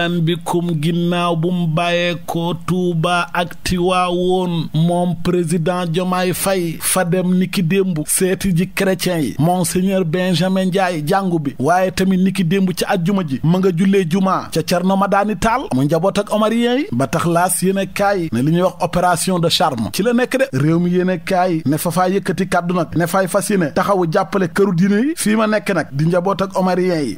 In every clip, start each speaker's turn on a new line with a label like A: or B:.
A: marhaban bikum ginnaaw bu mu bàyyeekoo Tuuba ak Tiwaawoon moom président Jomaay Fay fa dem niki démb seeti ji chrétien yi monseigneur Benjamin Ndiaye jàngu bi waaye tamit niki démb ci ajjuma ji ma nga jullee jumaa ca Cerno Madaani Taal mu njaboot ak omarien yi ba tax laas yéen a kaay ne li ñuy wax opération de charme ci la nekk de réew mi yéen a kaay ne fa faa yëkkati kàddu nag ne fay fas yéene taxawu jàppale këru diine yi fii ma nekk nag di njaboot ak omarien yi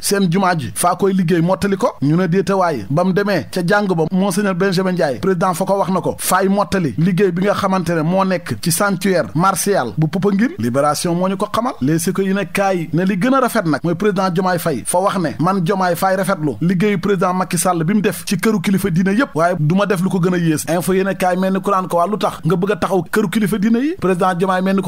A: Faye ba mu demee ca jàng ba monseigneur Benjamin Ndiaye président fa ko wax na ko Faye mottali liggéey bi nga xamante ne moo nekk ci sanctuaire martial bu Popenguine libération moo ñu ko xamal les ko yu kaay ne li gën a rafet nag mooy président Diomaye Faye fa wax ne man Diomaye Faye rafetlu liggéeyu président Macky Sall bi mu def ci këru kilifa diine yëpp waaye du ma def lu ko gën a yées info yéen a kaay mel ni ku naan ko waa lu tax nga bëgg a taxaw këru kilifa diine yi président Diomaye mel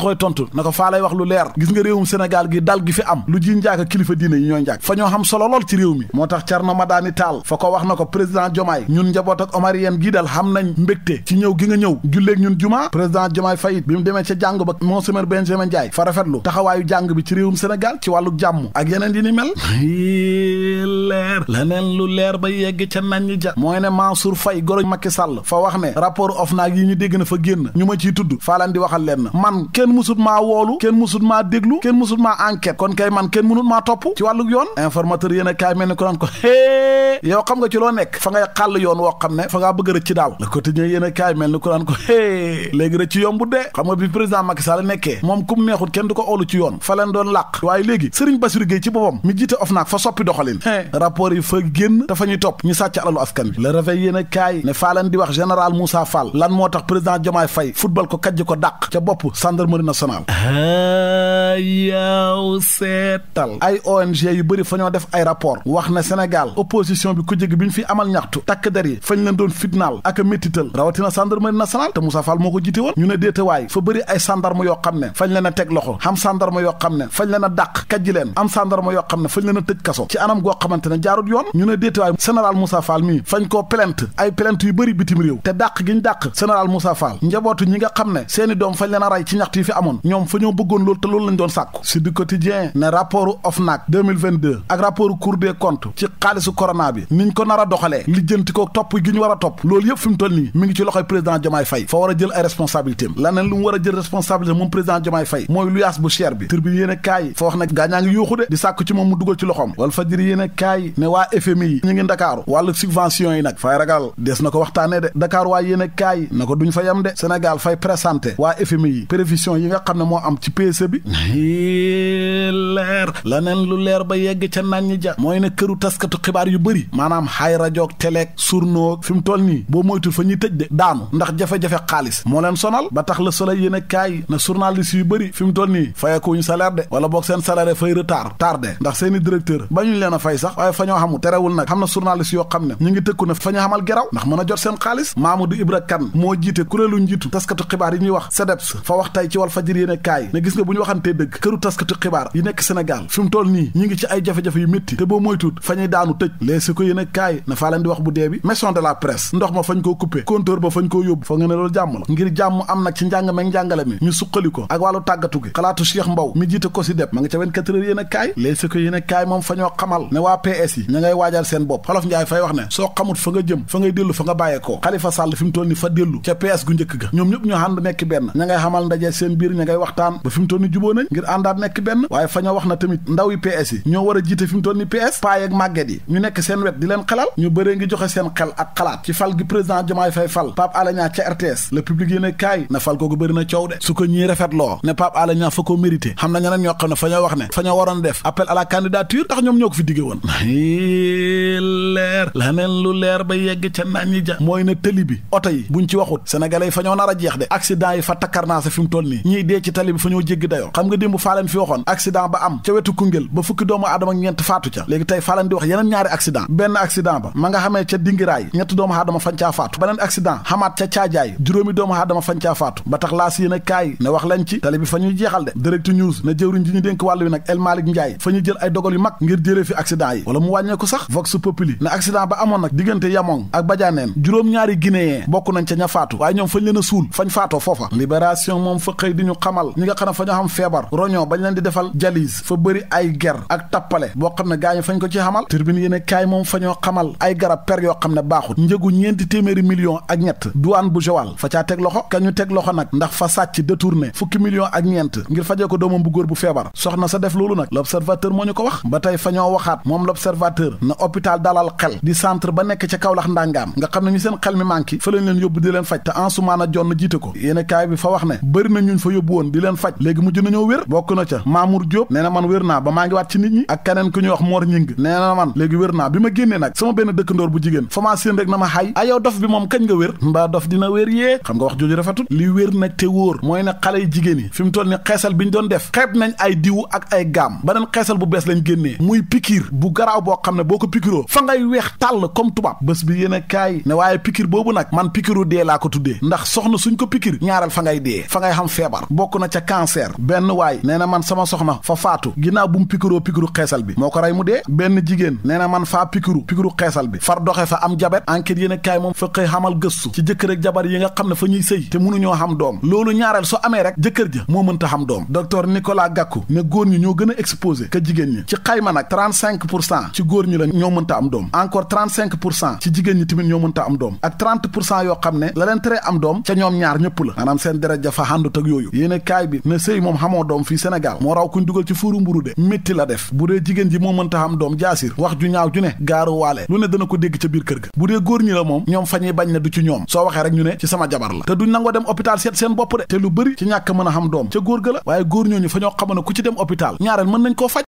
A: wax na ko président jomaay ñun njaboot ak Omar yéen gii dal xam nañ mbégte ci ñëw gi nga ñëw julleeg ñun jumaa président Diomaye Faye bi mu demee ca jàng ba monseigneur Benjamin Ndiaye fa rafetlu taxawaayu jàng bi ci réewum Sénégal ci wàllu jàmm ak yeneen yi ni mel leneen lu leer ba yegg ca nañ ja mooy ne Mansour Faye goro Macky Sall fa wax ne rapport OFNAC yi ñu dégg na fa génn ñu ma ciy tudd faa leen di waxal leen na man kenn musut maa woolu kenn musut maa déglu kenn musut maa enquête kon kay man kenn munut maa topp ci wàllu yoon informateur yéen a kaay mel ni ko naan ko hee yow xam nga ci loo nekk fa ngay xàll yoon woo xam ne fa ngaa bëgg rëcc ci daaw le quotidien yéen a kaay mel ni ko naan ko hee yomb bu dee xam nga bi président Macky Sall nekkee moom kum neexut kenn du ko oolu ci yoon fa leen doon làq waaye léegi Serigne Bassirou Gueye ci boppam mi jiite OFNAC fa soppi doxalin rapport yu fa génn dafa ñuy topp ñu sàcc alalu askan bi le réveil yéen a kaay ne faa leen di wax général Moussa Fall lan moo tax président Diomaye Faye football ko kajj ko dàq ca bopp gendarmerie nationale ah, yaaw seetal ay ONG yu bëri fa ñoo def ay rapport wax ne Sénégal opposition bi ku jëg bi ñu fi amal ñaxtu takk der yi fañ leen doon fitnaal ak a méttital rawatina gendarmerie nationale te Moussa Fall moo ko jiite woon ñu ne waay fa bëri ay gendarme yoo xam ne fañ leen teg loxo xam gendarme yoo xam ne fañ leen a dàq kajji leen am gendarme yoo xam ne fañ leen jaarut yoon ñu ne déetawaay général Moussa Fall mii fañ koo plainte ay plainte yu bëri bitim réew te dàq giñ dàq général Moussa Fall njabootu ñi nga xam ne seeni doom fañ leen a ci ñaxtu yi fi amoon ñoom fa ñoo bëggoon loolu te loolu lañ doon sàkku si du quotidien ne rapportu OFNAC ak rapportu Cour des ci xaalisu corona bi niñ ko nar a lijjanti ko topp gi war a topp loolu yëpp fi mu nii mi ngi ci loxoy président Diomaye Faye fa war a jël ay responsabilité waa FMI yi ñu ngi ndakaaru wàllu subvention yi nag fay ragal des na ko waxtaanee de Dakar waa yéen a kaay na ko duñ fa yem de Sénégal fay présenté waa FMI yi prévision yi nga xam ne moo am ci PSE bi lanen lu leer ba yegg ca nañ ja moy ne keuru taskatu xibaar yu bëri manam hay radio ak télé fi mu toll nii bo moytu fa ñi tejj de daanu ndax jafe-jafe xaaliss mo len sonal ba tax le soleil yene kay na journaliste yu bëri fi mu fay ko ñu salaire de wala bok sen salaire fay retard tardé ndax seen directeur bañu leena fay sax way faño xamu xamul terewul nak xamna journaliste yo xamne ñi ngi tëkku na fa xamal geraw ndax mëna jot sen xaaliss Mamadou Ibra kan mo jité kurelu njitu taskatu xibaar yi ñi wax sedeps fa wax tay ci wal Fadjri yene kay ne gis nga buñu waxante deug keuru taskatu xibaar yi nek Sénégal fi mu toll nii ñi ngi ci ay jafe-jafe yu métti te boo moytuut fañuy daanu tëj lees ko yéen a kaay na faa leen di wax bu dee bi maison de la presse ndox ma fañ koo coupé compteur ba fañ koo yóbbu fa nga ne loolu jàmm la ngir jàmm am nag ci njàng meeg njàngale mi ñu suqali ko ak wàllu tàggatu gi xalaatu Cheikh mbaw mi jiite ko si deb ma nga ca 24 heures yéen a kaay lees ko yéen a kaay moom fa ñoo xamal ne waa PS yi ña ngay waajal seen bopp xolof njaay fay wax ne soo xamut fa nga jëm fa ngay dellu fa nga bàyyeekoo Xalifa Sàll fi mu toll ni fa dellu ca PS gu njëkk ga ñoom ñëpp ñu ànd nekk benn ña ngay xamal ndaje fi mu toll ni juboo ngir àndaat nekk benn waaye fa wax na tamit ndaw yi PS yi ñoo war a jiite fi mu toll ni PS paay màgget yi ñu nekk seen wet di leen xelal ñu bëree ngi joxe seen xel ak xalaat ci fal gi président Diomaye Faye fal Pape Alé ca RTS le public yéen kaay na fal kooku bëri na coow de su ko ñii rafetloo ne Pape Alé Niang fa ko mérité xam na ñeneen ñoo xam ne fa ñoo wax ne fa ñoo waroon def appel à la candidature ndax ñoom ñoo ko fi digge woon leer laneen lu leer ba yegg ca naan ñi ja mooy ne tëli bi oto yi buñ ci waxut sénégalais fa ñoo nar a jeex de accident yi fa takkarnaasa fi mu toll nii ñiy dee ci tali bi fa ñoo jégg nga démb faa leen waxoon accident ba am ca Koungheul ba fukki doomu aadama ak ñeent faatu ca léegi tey faalan di wax yeneen ñaari accident benn accident ba ma nga xamee ca dingiraay ñetti doomu aadama fañ faatu ba tax laas yéen a kaay ne wax lañ ci tali fa ñuy jeexal de direct ne jëwriñ ji ñu dénk wàll wi nag El Malick Ndiaye fa ñuy jël ay dogal yu mag ngir jëlee fi accident yi wala mu wàññee sax vox populi ne accident ba amoon nag diggante Yamong ak Badianeen juróom-ñaari guinéen bokk a ay ger ak tappale boo xam ne gaañu fañ ko ci xamal turbine yéen kaay moom fa ñoo xamal ay garab per yoo xam ne baaxut njëgu ñeenti téeméeri million ak ñett douane bu Joal fa caa teg loxo ka ñu teg loxo nag ndax fa sàcc détourné fukki million ak ñeent ngir fajee ko doomam bu góor bu feebar soxna sa def loolu nag l'observateur moo ñu ko wax ba tey fa ñoo waxaat moom l'observateur na hôpital dalal xel di centre ba nekk ca Kaolack ndàngaam nga xam ne ñu seen xel mi manqué fa lañ leen yóbbu di leen faj te Ansoumana Dione jiite ko yéen kaay bi fa wax ne bëri na ñuñ fa yóbbu woon di leen faj léegi mujj nañoo wér bokk na ca Mamour Diop wér naa ba maa ngi waat ci nit ñi ak keneen ku ñuy wax moor ñing nee na man léegi wér naa bi ma génnee nag sama benn dëkkandoor bu jigéen fa maa séen rek na ma xay a yow dof bi moom kañ nga wér mbaa dof dina wér yee xam nga wax jooju rafetul li wér nag te wóor mooy ne xale yi jigéen yi fi mu toll ni xeesal bi ñu doon def xeeb nañ ay diwu ak ay gaam beneen xeesal bu bees lañ génnee muy pikiir bu garaaw boo xam ne boo ko pikiroo fa ngay weex tàll comme tubaab bés bi yéen a kaay waaye pikir boobu nag man pikiru dee ko tuddee ndax soxna suñ ko pikir ñaareel fa ngay dee fa ngay xam feebar bokk na ca cancer benn waay nee na man sama soxna ginnaaw bu mu pikiru pikiru xeesal bi moo ko rey mu dee benn jigéen nee na man faa pikiru pikiru xeesal bi far doxe fa am jabet enquête yéen kaay moom fa xëy xamal gëstu ci jëkkër ak jabar yi nga xam ne fa ñuy sëy te ñoo xam doom loolu ñaareel su amee rek jëkkër ja moo mënta xam doom docteur Nicolas Gakou ne góor ñi ñoo gën a exposé que jigéen ñi ci xayma nag 35 pour cent ci góor ñi la ñoo mënta am doom encore 35 pour cent ci jigéen ñi tamit ñoo mënta am doom ak 30 pour cent yoo xam ne leen tere am doom ca ñoom ñaar ñëpp la maanaam seen yooyu yéen a kaay bi ne sëy moom xamoo doom de métti la def bu dee jigéen ji moo mënta am doom jaasir wax ju ñaaw ju ne gaaru waale lu ne dana ko dégg ca biir kër ga bu dee góor ñi la moom ñoom fañuy bañ ne du ci ñoom soo waxee rek ñu ne ci sama jabar la te du nangoo dem hôpital seet seen bopp de te lu bëri ci ñàkk mën a xam doom ca góor ga la waaye góor ñooñu fa ñoo xamoon ne ku ci dem hôpital ñaareel mën nañ koo faj